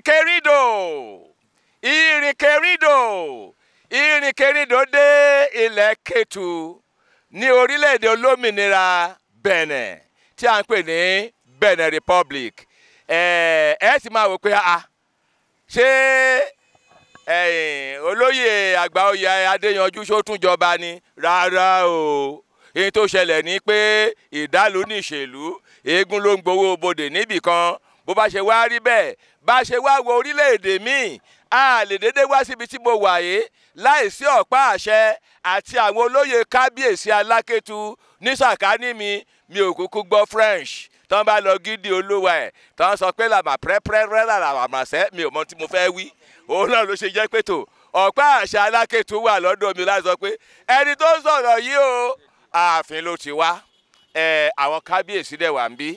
ìrìnkèrindò ìrìnkèrindò ìrìnkèrindò de ilẹ̀ ketu ní orílẹ̀-èdè olómìnira Benin tí a ń pè ní Benin Republic ẹ eh, ẹ sì máa wò pé a ah, ṣé olóyè àgbáoyè Adéyanjú ṣó tún ni rárá o èyí tó ṣẹlẹ̀ ni pé ìdálù níṣèlú eégún ló ń gbowó bodè níbìkan bó bá ṣe wá rí bẹ́ẹ̀ bá ṣe wá wo orílẹ̀-èdè míì a lè dédé wá síbi tí mo wà yìí láìsí ọ̀pá àṣẹ àti àwọn olóyè kábíyèsí alákẹ́tù ní sàkání mi mi ò kúkú gbọ́ French tí wọ́n bá lọ gidi olúwa ẹ̀ tí wọ́n sọ pé làmà pẹ́rẹ́pẹ́rẹ́ làmàṣẹ́ mi ò mọ tí mo fẹ́ wí òun náà ló ṣe jẹ́ pé tò ọ̀pá àṣẹ alákẹ́tù wà lọ́dọ̀ mi láti sọ pé ẹni tó sọ̀rọ̀ yìí o ààfin ló ti wá àwọn kábíyèsí dẹ̀ wà ń bí.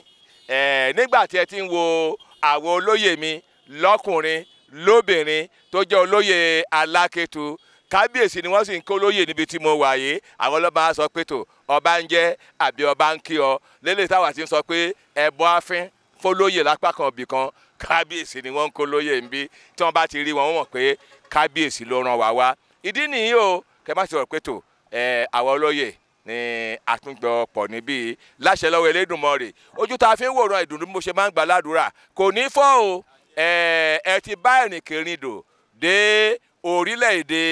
Eh, nígbà tí ẹ ti ń wo àwọn olóyè mi lọ́kùnrin lóbìnrin tó jẹ́ olóyè alákẹ́tù kábíyèsí ni wọ́n sì ń kó lóyè níbi tí mo wà yìí àwọn ọlọ́ba sọ pé tó ọba ń jẹ́ àbí ọba ń kí ọ lélẹ̀ táwa ti ń sọ pé ẹ̀bùn afín fólóyè lápá kan òbí kan kábíyèsí ni wọ́n ń kó lóyè ń bí tí wọ́n bá ti rí wọn mọ̀ pé kábíyèsí ló ràn wá wá ìdí nìyí o kẹ́ má ti rọ̀ pé tó eh, àwọn olóyè ni àtúngbọ̀ pọ̀ níbí láṣẹ lọ́wọ́ Elédùmarè ojú tá a fi ń wòran ìdùnnú mo ṣe máa ń gbà ládùúrà kò ní fọ́ o ẹ ti bá ìrìnkèrindò dé orílẹ̀-èdè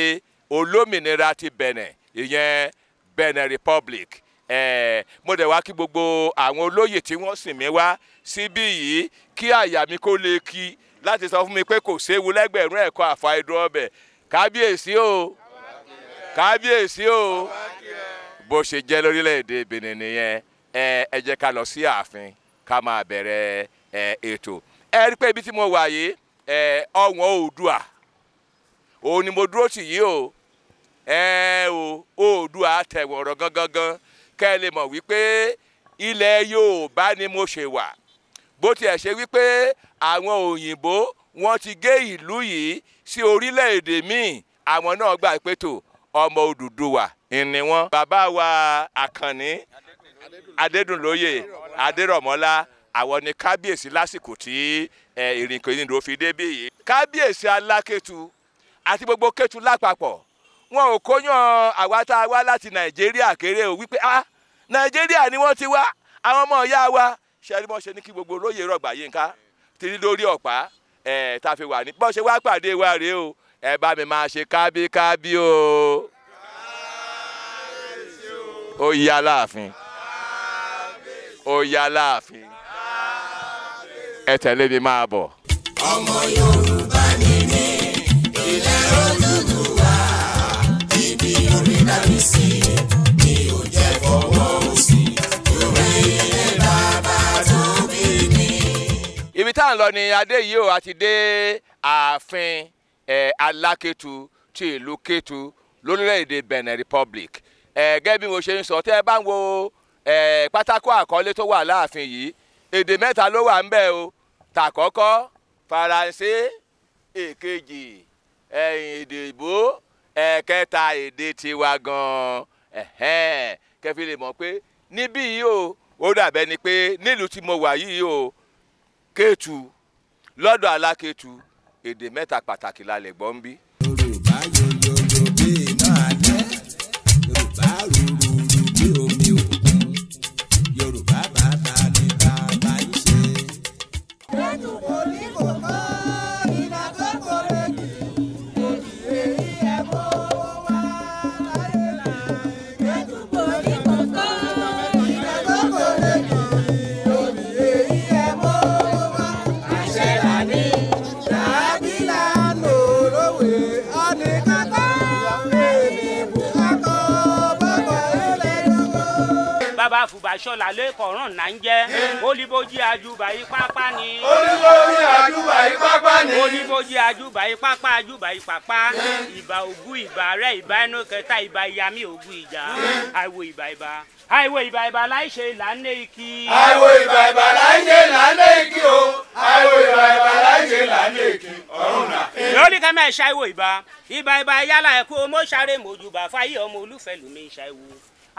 olómìnira ti Benin ìyẹn Benin Republic Eh, mo dẹ̀ wá kí gbogbo àwọn olóyè tí wọ́n sìn mí wá síbí yìí kí àyà mi kó lè kí láti sọ fún mi pé kò séwu lẹ́gbẹ̀rún ẹ̀kọ́ àfàìdùn ọbẹ̀ kábíyèsí o kábíyèsí o. Kábíyèsí bó ṣe jẹ́ lórílẹ̀‐èdè Benin nìyẹn ẹ ẹ jẹ́ ká lọ sí ààfin ká máa bẹ̀rẹ̀ ẹ ètò ẹ rí pé ibi tí mo wà yìí ẹ ọ̀wọ́n Oòduà òun ni mo dúró tì yìí o ẹ o Oòduà tẹ̀wọ̀rọ̀ gangan kẹ́ ẹ lè mọ̀ wípé ilẹ̀ Yorùbá ni mo ṣe wà bó tiẹ̀ ṣe wípé àwọn òyìnbó wọ́n ti gé ìlú yìí sí orílẹ̀-èdè míì àwọn náà gbà pé tò ọmọ Odùduwà ni wọ́n bàbá wa Àkànní Adédùnlóyè Adérọ̀mọ́lá àwọn ni kábíyèsí lásìkò tí ìrìnkèrindò fi débí yìí kábíyèsí alákẹ́tù àti gbogbo kẹ́tù lápapọ̀ wọn ò kóyàn àwa tá a wá láti Nàìjíríà kéré o wípé ah Nàìjíríà ni wọ́n ti wá àwọn ọmọ ìyá wa ṣẹ́ni bọ́n ṣe ní kí gbogbo olóyè rọ̀gbà yín ká tìrí lórí ọ̀pá ẹ̀ ẹ bá mi máa ṣe kábíkábí o ó yá láàfin ó yá láàfin ẹ tẹ̀lé mi máa bọ̀. ọmọ Yorùbá ni mí ilẹ̀ Odùduwà ibi orí dàbí sí mi ò jẹ́ fọwọ́ òsì torí ilé bàbá tó bí mi. ibi tá à ń lọ ni adé yìí ó àti dé ààfin ẹ alákẹ́tù ti ìlú kẹ́tù lórílẹ̀‐èdè Benin Republic ẹ gẹ́gẹ́ bí mo ṣe ń sọ tẹ́ ẹ bá ń wo ẹ pátákó àkọlé tó wà láàfin yìí èdè mẹ́ta ló wà ń bẹ̀ o tàkọ́kọ́ Faransé èkejì ẹ̀yìn èdè ìbò ẹ̀kẹta èdè tiwa gan-an kẹfì lè mọ̀ pé níbí yìí o ó dàbẹ́ ni pé nílùú tí mo wà yìí o kéètù lọ́dọ̀ alákéètù èdè mẹ́ta pàtàkì la lè gbọ́ bí. yorùbá yorùbá. àṣọlà lẹ́kọ̀ọ́ ràn náà ń jẹ́ olùbójì àjùbà yìí pápá ni. olùbójì àjùbà yìí pápá ni. olùbójì àjùbà yìí pápá àjùbà yìí pápá ìbà ògùn ìbà rẹ ìbà ẹnu kẹta ìbà ìyàmí ògùn ìjà àìwò ìbà ìbà àìwò ìbà ìbà láì ṣe ìlànà ìkí. àìwò ìbà ìbà láì ṣe ìlànà ìkí o àìwò ìbà ìbà láì ṣe ìlànà ìkí ọ̀run náà. lórí kẹ́mẹ́ ṣàìwò ìbà ìbà ìbà yálà ẹ̀kú mọ́ṣáré mọ́júbà fáyé ọmọ olúfẹ́ lómi ṣàìwò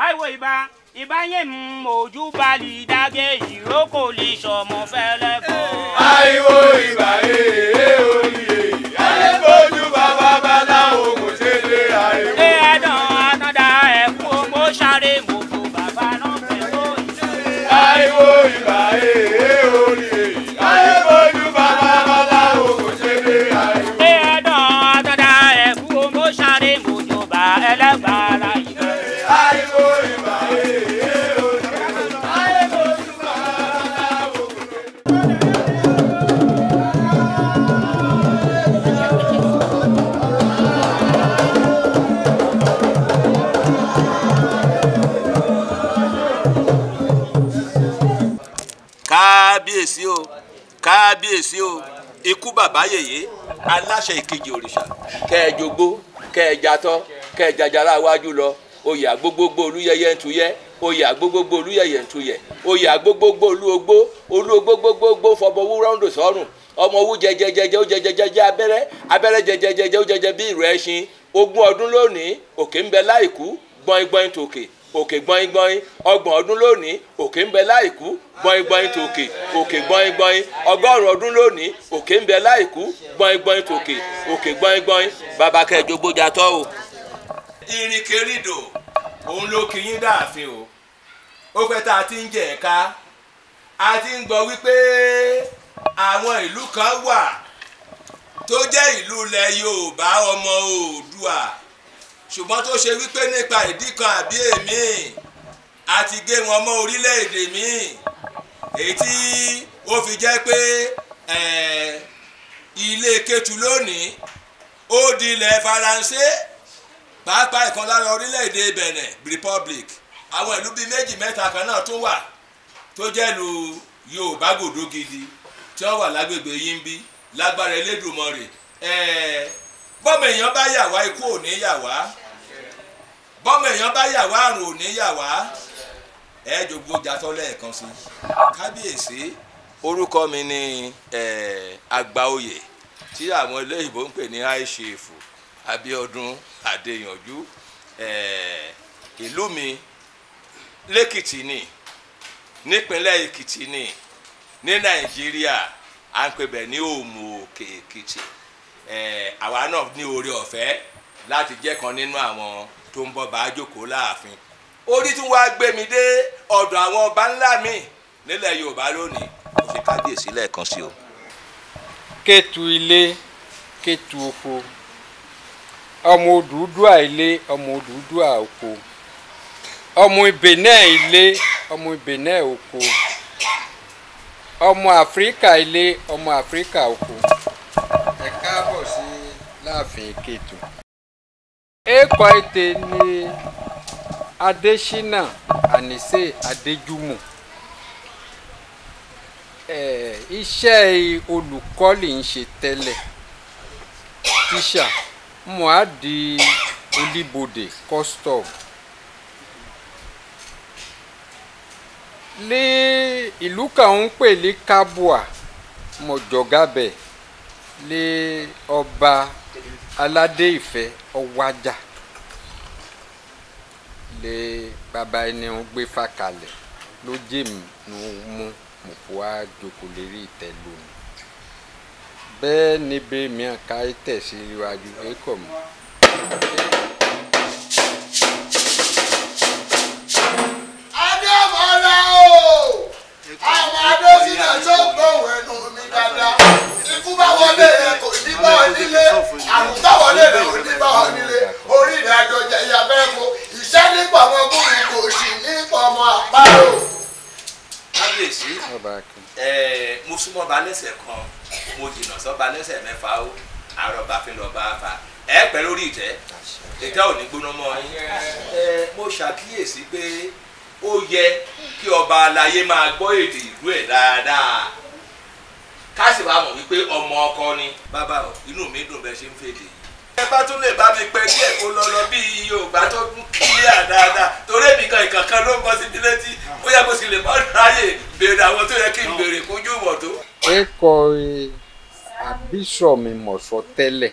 àìwò ìbá ìbá yẹn mú ojú balì dágé ìrókò lè sọmọ fẹlẹ kọ. àìwò ìbá yẹn o. kábíyèsí o ikú bàbá yèyé aláṣẹ ìkejì òrìṣà kẹẹjogbó kẹẹjatọ kẹẹjajara wájú lọ oyè àgbogbogbo olúyẹyẹ ntúyẹ oyè àgbogbogbo olúyẹyẹ ń oyè òkè gbọ́nyin gbọ́nyin ọgbọ̀n ọdún lónìí òkè ń bẹ láìkú gbọ́nyin gbọ́nyin tòkè òkè gbọ́nyin gbọ́nyin ọgọ́rùn ọdún lónìí òkè ń bẹ láìkú gbọ́nyin gbọ́nyin tòkè òkè gbọ́nyin gbọ́nyin. bàbá kẹjọ gbójà tọ o. ìrìnkèrìdò òun ló kì í dáàfin o ó fẹ́ tá a ti ń jẹ ẹ̀ka a ti ń gbọ́ wípé àwọn ìlú kan wà tó jẹ́ ìlú ilẹ̀ Yorùbá ọmọ Oòduà ṣùgbọ́n tó ṣe wípé nípa ìdí kan àbí èmi a gé wọn mọ́ orílẹ̀-èdè mi èyí tí ó fi jẹ́ pé ilé Kétu lónìí ó di ilẹ̀ Faransé pàápàá ìkan lára orílẹ̀-èdè Benin Republic àwọn ìlú bíi méjì mẹ́ta kan náà tún wà tó jẹ́ lu Yorùbá gòdó gidi tí wọ́n wà lágbègbè yín bí lágbára Elédùmarè bọ́mọ èèyàn bá yà wá ikú ò ní yà wá bọ́mọ èèyàn bá yà wá àrùn òní yà wá ẹ jogbo jatọ́ lẹ́ẹ̀kan sí kábíyèsí orúkọ mi ni àgbàoyè tí àwọn olóyìnbó ń pè ní high chief Abíọ́dún Adéyanjú ìlú mi lẹ́kìtì ni nípínlẹ̀ Èkìtì ni ní Nàìjíríà à ń pè bẹ̀ ní Òmù Òkè Èkìtì àwa náà ní oore ọ̀fẹ́ láti jẹ́ kan nínú àwọn tó ń bọ̀ bá a jókòó láàfin orí tún wá gbé mi dé ọ̀dọ̀ àwọn ọba ńlá mi nílẹ̀ yorùbá lónìí mo fi kábíyèsí lẹ́ẹ̀kan sí o. kétu ilé kétu oko ọmọ òdùdúà ilé ọmọ òdùdúà oko ọmọ ibè ilé ọmọ ibè oko ọmọ áfíríkà ilé ọmọ áfíríkà oko ẹ káàbọ̀ sí láàfin kétu èèpọ̀ ete ni adésínà àníṣe adejumo eh, iṣẹ́ olùkọ́ lè ń ṣe tẹ́lẹ̀ tíṣà mo á di olíbodè custom ní ìlú kan ń pè ní kábùà mọ̀jọ̀gábẹ̀ lé ọba aládé ìfẹ́ ọwájà lé bàbá ẹni ń gbé fàkalẹ̀ ló jẹ́ mi mú mọ̀fọ́ àjòkò lérí ìtẹ́ lónìí bẹ́ẹ̀ ni bẹ́ẹ̀ mìíràn ká tẹ̀sí iwájú ẹ̀kọ́ mi. adébọlá ikú bá wọlé ẹ kò ní bá alẹ́ rẹ̀ ò ní bá ọ nílé orí rẹ̀ àjọ jẹyà bẹ́ẹ̀ kó ìṣẹ́ nípa ọmọ bóyá kò sí nípa ọmọ àpárò. kábíyèsí mo súnmọ́ ba lẹ́sẹ̀ kan mo jìnnà sọ́ba lẹ́sẹ̀ mẹ́fà ó àrọ̀bà fi lọ́ọ́ bá a fa ẹ pẹ́ lórí ìtẹ́ ìtẹ́ ò ní gbóná mọ́ yín mo ṣàkíyèsí pé ó yẹ kí ọba aláyé máa gbọ́ èdè ìlú ẹ̀ dáadáa ká sì wá mọ̀ wípé ọmọ ọkọ ni bàbá inú mi dùn bẹ́ẹ̀ ṣe ń fèdè yìí ẹ bá tún lè bá mi pẹ́ díẹ̀ kó lọ lọ bí Yorùbá tó kílíà dáadáa torí èmi kan ìkànkan ló ń bọ́ sí mi létí bóyá mo sì lè mọ́ ráyè béèrè àwọn tó yẹ kí n béèrè kójú ìwọ̀ tó. ẹ kọ àbísọ mi mọ̀ sọ tẹ́lẹ̀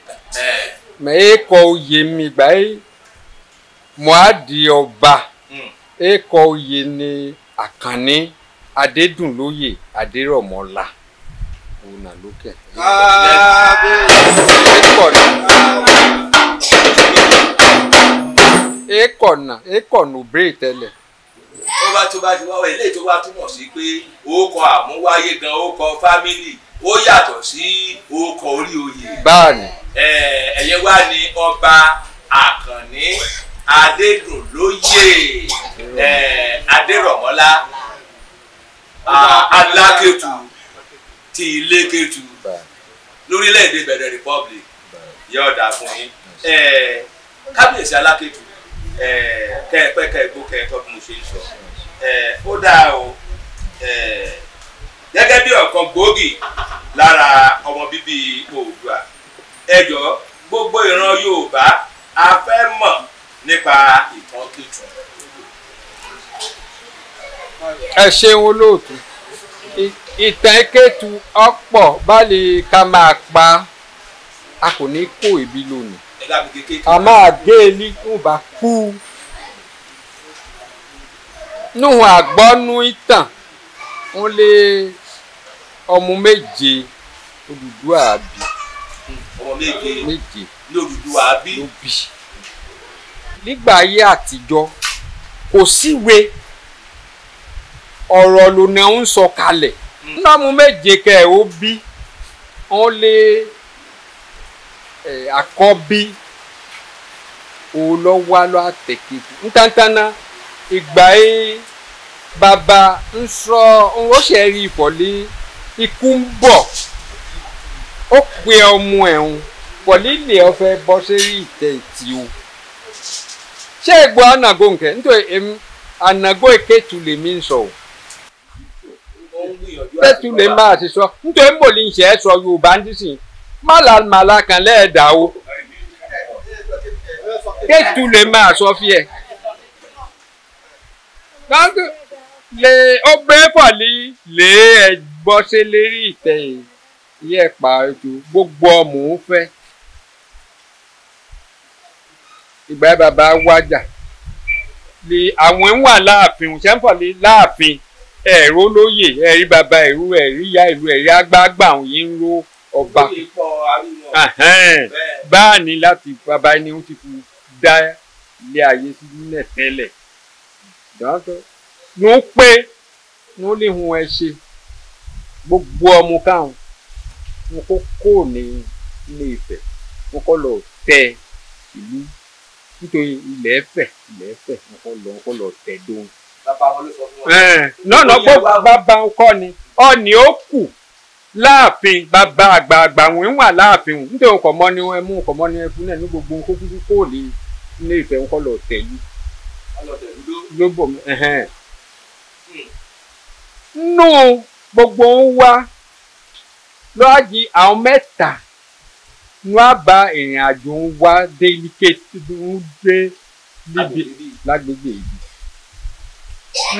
mẹ ẹ kọ oyè mi gbà ẹ mọ àdì ọba ẹ hmm. kọ oyè ni Àkànní Adédùnlóyè Adérọ̀mọ́lá nà lókè. ekọ̀nà ekọ̀nà òbèrè tẹ́lẹ̀. ó bá tó bá ti wá wẹ̀ eléyìí tó bá túmọ̀ sí pé orúkọ àmúwáyé gan orúkọ fámìlì ó yàtọ̀ sí orúkọ orí oyè. báàní. ẹ̀yẹ wá ní ọba àkànní adédùnlóyè adérọ̀mọ́lá alákẹ́tù sí ilé kẹtù lórílẹ̀‐èdè Benin Republic yóò dà fún yín kábíyèsí alákẹ́tù kẹ́ẹ̀pẹ́ kẹ́ẹ̀gbó kẹ́ẹ̀tọ́ bí mo ṣe ń sọ ó dáa o gẹ́gẹ́ bí ọ̀kan gbòógì lára ọmọ bíbí Oòduà ẹ jọ̀ọ́ gbogbo ìran Yorùbá a fẹ́ mọ̀ nípa ìtàn kẹtù. ẹ ṣeun olóòtú ìtẹ̀kẹ́tù ọ̀pọ̀ báàlì ká máa pa a kò ní kó èbí lónìí a máa gé e ní tó bá kú nuhun àgbọ́nú ìtàn ń lé ọmọ méje Odùduwà bí ọmọ méje lódùdúwà bí ló bí nígbà ayé àtijọ́ kò síwe ọ̀rọ̀ lòun ń sọ kalẹ̀. So nnamu méje kẹ ó bí wọn lé eh, àkọ́bí olọ́wà lọ́ àtẹ̀kẹ́tù ntantana ìgbà yẹ bàbá nsọ ó ṣe rí ìfọ̀lẹ́ ikú ń bọ̀ ó pe ọmọ ẹ̀ ń fọ̀lẹ́ ilé ọ̀fẹ́ bọ́ sórí ìtẹ̀ ìtì o ṣé ìgbọ́ anago nkẹ́ nítorí anago ìkẹ́tù lèmi ń sọ o tẹ́tù lè máa ti sọ nítorí mò ń ṣe é sọ yorùbá ń dísìn màlàmàlà kan lẹ́ẹ̀dá o tẹ́tù lè máa sọ fí ẹ. lè ó gbé fọ̀lì lè ẹ̀ gbọ́ sí lérí ìtẹ̀yìn yẹ pa ètò gbogbo ọmọ ń fẹ́ ìgbà bàbá wájà lè àwọn ń wà láàfin òṣèǹfọ̀lì láàfin ẹ̀rọ lóye ẹ̀rí bàbá ìlú ẹ̀rí ìyá ìlú ẹ̀rí agbágbà yìí ń ro ọba báà ní láti bàbá ẹni ó ti fi dá ilé ayé sílẹ̀ tẹ́lẹ̀ ní ó pé ní ó lè hun ẹ ṣe gbogbo ọmọ káwọn wọn kó kó ní ilé Ifẹ̀ wọn kọ́ lọ tẹ ìlú nítorí ilẹ̀ Ifẹ̀ ilẹ̀ Ifẹ̀ wọn kọ́ lọ wọn kọ́ lọ tẹ dóhùn lọ́nà eh, pọ̀ bàbá ọkọ ni ọ̀nì ó kù láàfin bàbá àgbààgbà wọn ń wà láàfin wọn nítorí ọkọ̀ mọ́ ni ẹ mú ọkọ̀ mọ́ ni ẹ fún náà ní gbogbo nǹkó kúkú kó lè ní ìfẹ́ ńkọ́ lọ tẹ̀lú. lóbò mi nù gbogbo ń wá lọ́ájì àwọn mẹ́ta ní wàá bá ìrìn àjò ń wá dé kéde ń dé níbi lágbègbè yìí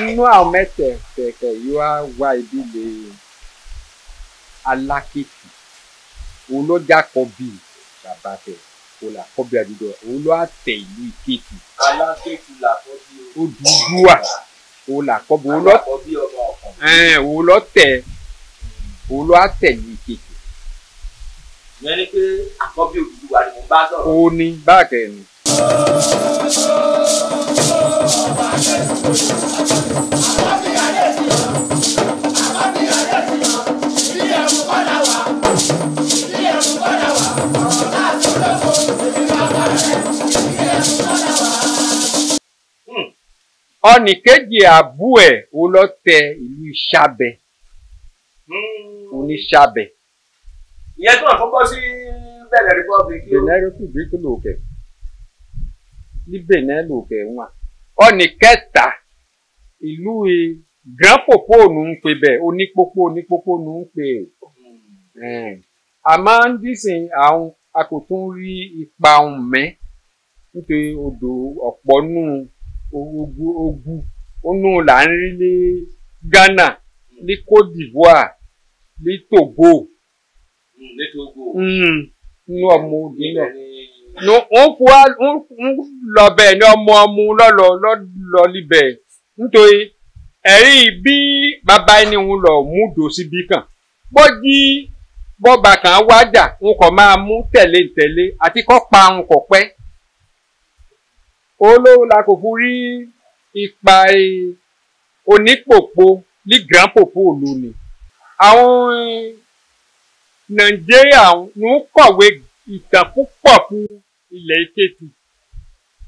nínú àwọn mẹ́tẹ̀ẹ̀tẹ̀ yìí wá wá ìdílé alákìkí òun ló já kọbí bàbá tẹ kó là kọbí àdúgbò òun ló àtẹ ìlú ìkéèkì. alákìkí là kọbí o. Odùduwà òun là kọbí òun lọ òun lọ tẹ òun lọ àtẹ ìlú ìkéèkì. ìyẹn ni pé àkọ́bí Odùduwà ni mo bá sọ̀rọ̀. òun ni báàkẹ́ ni. ọnìkejì àbú ẹ̀ ó lọ tẹ ìlú ìṣàbẹ oníṣàbẹ. Hmm. ìyẹn tó wà fọ́pọ́ sí Benin Republic. Benin Republic ló kẹ̀ ní Benin ló kẹ̀ wọn. ọnìkẹta ìlú Grand Poponu ń pè bẹ́ẹ̀ onípópó onípópó nu ń pè é. àmọ́ dísìn àwọn a kò tún rí ipa òun mẹ́ nítorí odò ọ̀pọ̀ nù ogun ogun onú là ń rí ní Ghana ní Côte d'Ivoire ní Togo hmm, ní Togo hmm, nínú ọmọ òbí náà wọ́n fún wa wọ́n lọ bẹ́ẹ̀ ní ọmọ ọmọ lọ́lọ́ lọ́lọ́ libẹ̀ nítorí ẹ̀rí bí bàbá ẹni ń lọ múdò síbi kan bó jí bọ́ba kan wájà ń kọ́ máa mú tẹ̀lé tẹ̀lé àti kọ́ pa ń kọ́ pẹ́ olówó la kò fún rí ipa onípòpò ní grand popo òlu ni àwọn nàìjíríà ń kọ̀wé ìtàn púpọ̀ fún ilẹ̀ ìkejì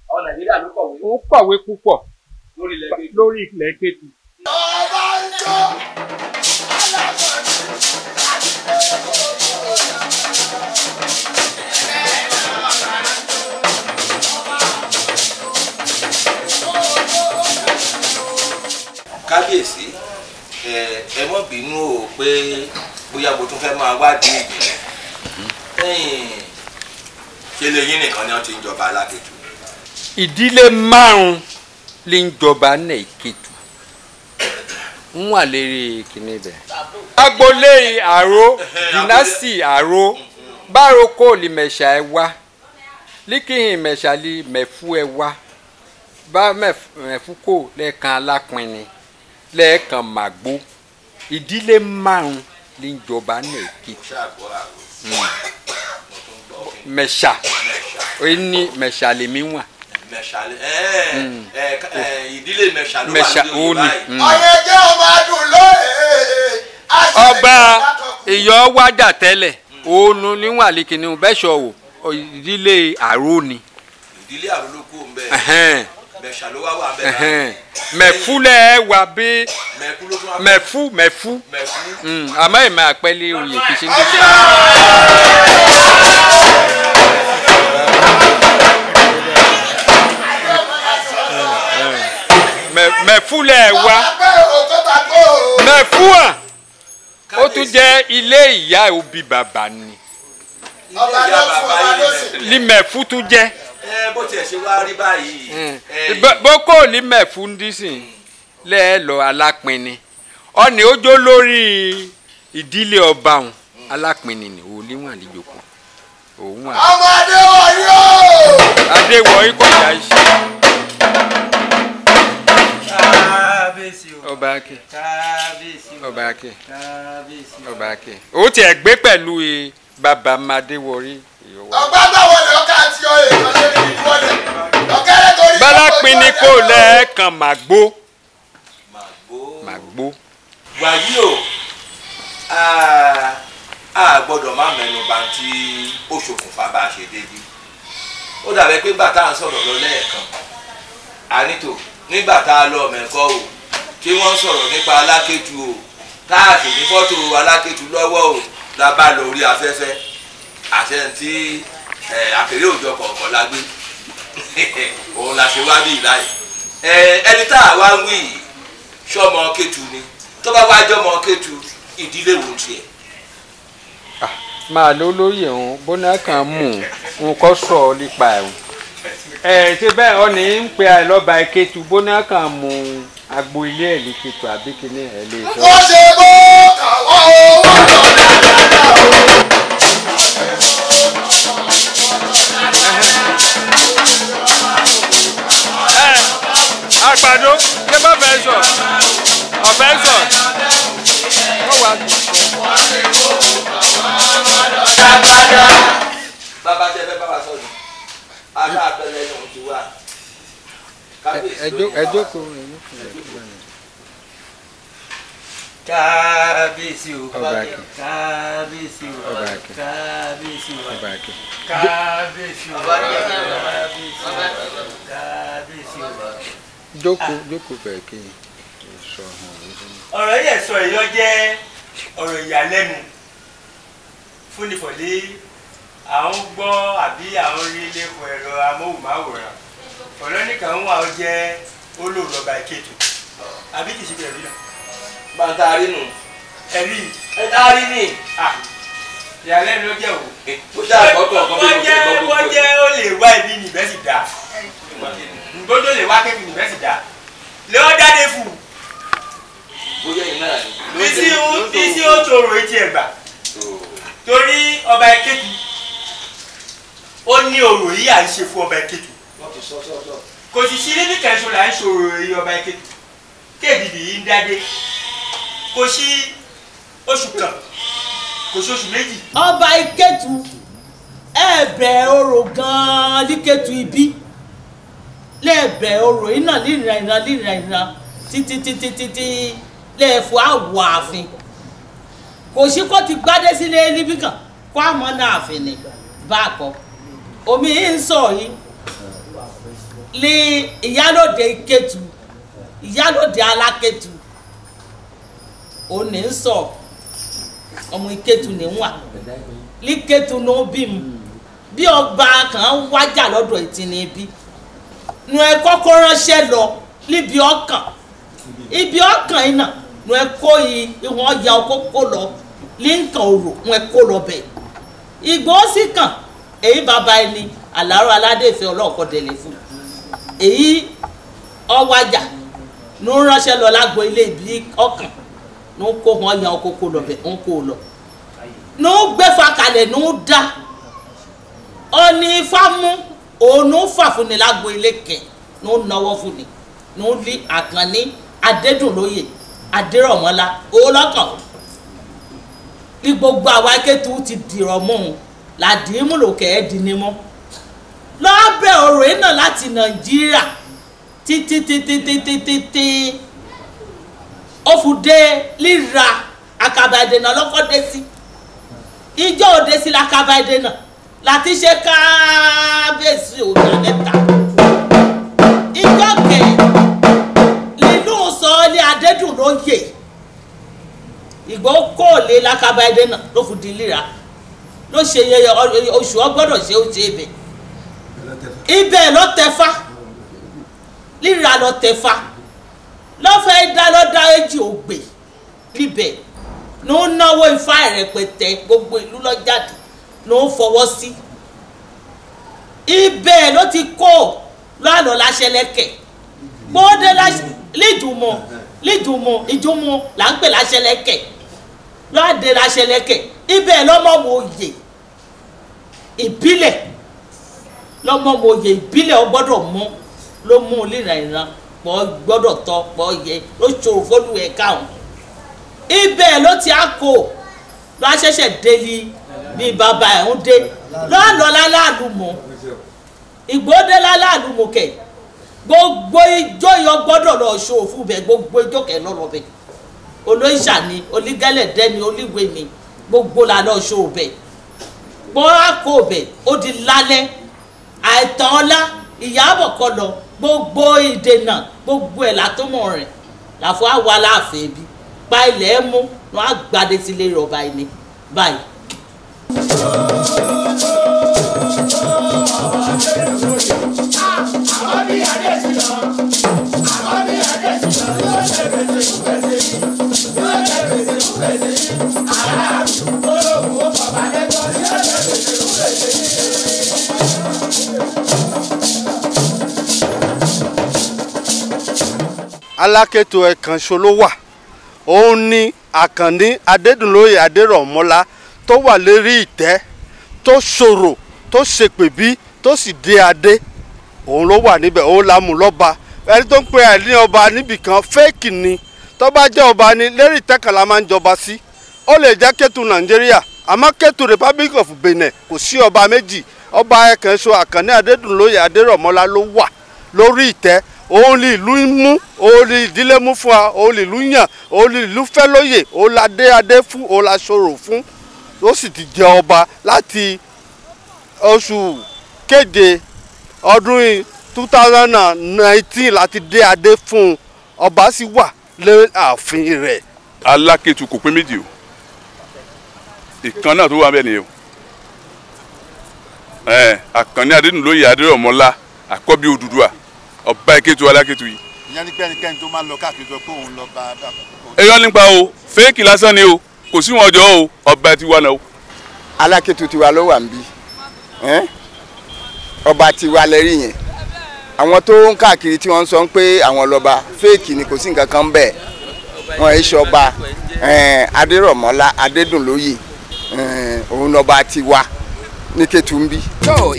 àwọn nàìjíríà ló kọ̀wé ń kọ̀wé púpọ̀ lórí ilẹ̀ ìkejì. kábíyèsí ẹ mọ̀ bínú o pé bóyá mo tún fẹ́ máa wádìí ìgbìmọ̀ ṣe yín nìkan ni wọ́n ti ń jọba alákejì. ìdílé márùn-ún lè ń jọba ní ìkejì ń wà lérí kìnìún ibẹ̀. agboolé àró dínásì àró bárokò lè mẹ̀ṣà ẹ wá líkìhìn mẹ̀ṣà lè mẹ̀fú ẹ wá bá mẹ̀fú kò lẹ́ẹ̀kan alápinni. lẹ́ẹ̀kan màgbó ìdílé márùn ní ìjọba ní èkìtì hmm. mẹ̀ṣà ẹni mẹ̀ṣà lèmi wà. ìdílé mẹ̀ṣà ló wà ní òní. ọ̀yẹ́ hmm. ọmọ adùn lóye. ọba ìyọ́ wájà tẹ́lẹ̀ òun níwọ̀n àlekìnnìún bẹ́ẹ̀ sọ wò ìdílé àrò ni. ìdílé àrò ló kú òun bẹ́ẹ̀. mɛfu lɛ wa be mɛfu mɛfu ama yi ma akpɛli oye kisi ŋdi. mɛfu lɛ wa mɛfu a ó tún jẹ́ ilé ìyá òbí bàbá ni limẹfu tún jẹ́ bó tiẹ̀ ṣe wá rí báyìí. Mm. boko ní mẹ̀fúndísìn lẹ́ẹ̀lọ alápinni ọ̀nì ojó lórí ìdílé ọba òun alápinni ni òun níwọ̀n àlejò kan òun wà. ọmọ adéwọ̀nyí o. adéwọ̀nyí kò yá iṣẹ́. ọba akẹ́. ọba akẹ́. ọba akẹ́. o tiẹ̀ gbé pẹ̀lú e bàbá Mádéwọrí. ọ̀gbádá wọlé ọkà àti ọyẹ ìkànnì ní ìwọlé ọ̀kẹ́rẹ́ torí. bọ́lá pin ni kò lẹ́ẹ̀kan màgbó. màgbó. wàyí o a gbọ́dọ̀ má mẹ́nu bà tí ó ṣokùnfà bá a ṣe débi ó dàbẹ́ pé bàtà ń sọ̀rọ̀ lọ lẹ́ẹ̀kan ànító nígbà tá a lọ mẹ́kọ́ o tí wọ́n ń nípa alákẹ́tù o káàkiri fọ́tò alákẹ́tù lọ́wọ́ o la bá lọ orí afẹ́fẹ́ àṣẹ tí àkèrè òjò kọ̀ọ̀kan la gbé òun la ṣe wá bí ìláyè ẹni tá a wá ń wí sọmọ kẹtù ni tó bá wá jọmọ kẹtù ìdílé wo tiẹ̀. máa ló lóye òun bóná kan mú un kó sọ ọ nípa ẹ̀hún ẹ ṣe bẹ́ẹ̀ ọ ní ń pe àìlọ́ba ìkẹtù bóná kan mú un agbo ilé ẹ̀ ní kẹtù àbíkínní ẹ̀ lè sọ. ó ṣe bó kàwá àgbàdo ṣé bá fẹ́ sọ ọ̀fẹ́ sọ wọ́n wà tó sọ. bàbá tẹ fẹ́ bàbá sọ̀rọ̀ ara abẹ́lẹ́ ni òun ti wá. ẹ jókòó ẹ jókòó kábíyèsí o kábíyèsí o kábíyèsí o kábíyèsí o kábíyèsí o. jókòó jókòó bẹ́ẹ̀ kí n sọ ọ̀rọ̀ yẹn sọ èyí ọ jẹ́ ọ̀rọ̀ ìyàlẹ́nu fúnni fọ̀lé àwọn gbọ́ àbí àwọn rí lẹ́kọ̀ọ́ ẹ̀rọ amóhùnmáwòrán ọ̀rọ̀ nìkan wà ó olóòrọ̀ ọba àbí kìí ṣe bẹ̀rù náà bàtàrí nù. ẹ̀rí. ẹ dárí ni. ìyàlẹ́nu ló jẹ́ o. ó ṣe àgbọ̀tọ̀ ọ̀kan bí mo ṣe gbọ́ gbogbo. wọ́n jẹ́ ó lè wá ibi nìbẹ́ sì dá. gbogbo lè wá kébì nìbẹ́ sì dá. lè ó dáde fù. bóyá iná ni. bísí O tòrò etí ẹ̀gbà. torí ọba ẹ̀kẹ́tù ó ní òrò yìí à ń ṣe fún ọba ẹ̀kẹ́tù. kò sì sí níbi kẹsàn-án là ń ṣòro ọba ẹ̀kẹ́tù kébìdì yìí ń dáde. kò sí oṣù kan kò sí oṣù méjì. ọba ìkẹtù ẹ̀ẹ̀bẹ̀ orò gan líkẹtù ibi lẹ́ẹ̀bẹ̀ orò iná líra ìran títí títí títí lẹ́ẹ̀fọ́ àwọ̀ ààfin kò sí kó ti gbádé sílé níbí kan kó omi ń sọ yìí ní ìkẹtù òní ń sọ ọmọ ìkẹtù ní wà líkẹtù ló bí mu bí ọba kan wájà lọ́dọ̀ ìtìníbi nu ẹ kọ́kọ́ ránṣẹ́ lọ níbi ọkàn ibi ọkàn yìí náà nu ẹ kó ìwọ̀n ọjà kókó lọ lincoln òrò nu ẹ kó lọ bẹ̀ ìgbó sì kàn èyí bàbá ẹni àlárò aládéfẹ́ ọlọ́ọ̀kọ́ délé fún èyí ọwájà nu ránṣẹ́ lọ lágbo ilé ibi ọkàn ní kó wọn yan ọkọ kó lọ bẹ ń kó lọ ní gbẹfà kalẹ̀ ní da ọni famu mú òun fà fún ni lágbo ilé kẹ ní náwó fún ni ní lí àkànní adédùnlóye adérọmọlá gbogbo àwa akétu ti dìrọ̀ la òun làdìmú lòkè ẹ́ di ni mọ́ lọ́ọ́ bẹ̀ ọ̀rọ̀ yìí náà láti nàìjíríà títí títí títí ofude lira akaba ìdènà lọ́kọ́ dé sí ijó òde sí lakaba ìdènà láti ṣe káábèsì òde àdẹ́ta ijó kẹ nínú sọ́ọ́lì adédùn ló yè ìgbọ́ kọ́ọ̀lé lakaba ìdènà ló fi di lira ló ṣe yẹyẹ oṣù ọgbọ́dọ̀ ṣe ó ṣe ibẹ̀ ibẹ̀ ló lira ló tẹ̀fa lọ́fẹ̀ẹ́ dá lọ́dá èjì ògbè níbẹ̀ ló ń náwó ifá ìrẹ̀pẹ̀tẹ̀ gbogbo ìlú lọ́jáde ló ń fọwọ́ sí ibẹ̀ ló ti kó lọ́nà láṣẹlẹ́kẹ̀ gbọ́dé lìjùmọ̀ lìjùmọ̀ ìjùmọ̀ là ń pè láṣẹlẹ́kẹ̀ lọ́dẹ láṣẹlẹ́kẹ̀ ibẹ̀ lọ́mọ̀mọ̀yè ìbílẹ̀ lọ́mọ̀mọ̀yè ìbílẹ̀ ọgbọ́dọ̀ mú ló mú un líranìran pọ̀ gbọ́dọ̀ tọ́ pọ̀ yẹ ló ṣòro fọ́lù ẹ̀ káwọn ibẹ̀ ló ti á kó lọ́ ṣẹ̀ṣẹ̀ délé ni bàbá ẹ̀ ń dé lọ́ọ̀lọ́ láláàlú mọ́ ìgbódé láláàlú mọ́ kẹ̀ gbogbo ijó yọ gbọ́dọ̀ lọ ṣòfò bẹ̀ gbogbo ijó kẹ̀ lọ́rọ̀ bẹ̀ olóyìnṣà ni onígẹ́lẹ̀dẹ́ ni oníwe ni gbogbo la lọ ṣòfò bẹ̀ gbọ́n á kó bẹ̀ ó di lálẹ́ àìtàn ọlá ìyábọ̀ kọ́ lọ gbogbo ìdènà gbogbo ẹ̀ látọ́mọ̀ rẹ̀ làfọ́ àwa láàfẹ́ bí pa ilẹ̀ ẹ̀ mú wọn á gbàdé sílé rọ̀bà ilé báyìí. Ah, àwọn ní adé sí lọ àwọn ní adé sí lọ yóò ṣe fèsì fèsì. alákètò ẹ̀kan ṣo ló wà òun ni àkànní adédùnlóye adérọ̀mọ́lá tó wà lérí ìtẹ́ tó ṣòro tó ṣèpè bí tó sì dé adé òun ló wà níbẹ̀ òun la mú lọ́ba ẹni tó ń pe ẹ̀ ní ọba níbìkan fẹ́ẹ̀kì ni tó bá jẹ́ ọba ni lérí ìtẹ́ kan la máa ń jọba sí ó lè jẹ́ kẹ́tù nàìjíríà àmọ́ kẹ́tù republic of benin kò sí ọba méjì ọba ẹ̀kan ṣo àkànní adédùnlóye adérọ̀mọ́lá ló wà lórí ìtẹ́ òun lè ìlú mú òun lè ìdílé mú fún wa òun lè ìlú yàn òun lè ìlú fẹ́ lóyè òun la dé adé fún òun la ṣòro fún ó sì ti jẹ ọba láti oṣù kéde ọdún two thousand and nineteen láti dé adé fún ọba sì wà lé ààfin rẹ̀. alákẹ́tù kò pé méjì o ìkan náà tó wà bẹ́ẹ̀ nìyẹn o ẹ̀ àkànní adédùn lóye adédùn ọmọlá àkọ́bí Odùduwà ọba ìkẹtù alákẹtù yìí. ìyẹn ní kẹ́nikẹ́ni tó máa ń lọ káàkiri sọ pé òun lọ bá. irọ́ nípa o fẹ́ẹ̀kì lásán ni o kò sí wọn jọ o ọba tiwa náà o. alákẹtù tiwa ló wà ń bí ọba tiwa lẹ́rí yẹn àwọn tó ń káàkiri tí wọ́n sọ pé àwọn lọ́ba fẹ́ẹ̀kì ni kò sí nǹkan kan bẹ́ẹ̀ wọn ẹ̀ ṣọba adérọ̀mọ́lá adédùnlóyè òun lọ́ba tiwa ní kẹ́tù ń bí.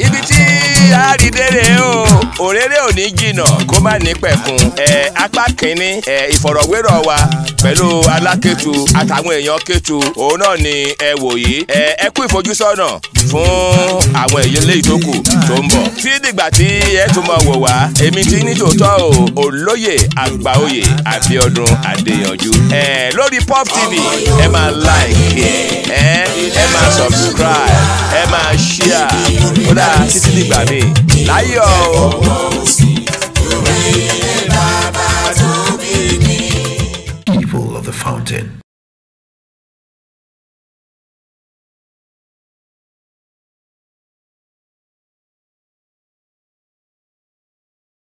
ibi tí àrídèrè o òréré ò ní jìnnà kó má ní pẹ̀kun ẹ̀ apá kínní ẹ̀ ìfọ̀rọ̀wérọ̀ wa pẹ̀lú alákẹ́tù àtàwọn èèyàn kẹ́tù òun náà ni ẹ wò yìí ẹ ẹ kú ìfojúsọ́nà fún àwọn èyí lé ìtókù tó ń bọ̀ tí dìgbà tí ẹ tún mọ̀ wò wá èmi ti ní tòótọ́ o olóyè àgbàoyè Abíọ́dún Adéyanjú ẹ lórí Pop TV ẹ máa like ẹ ẹ máa subscribe ẹ máa share kódà títí dìgbà mi mi láyọ̀ Evil of the fountain.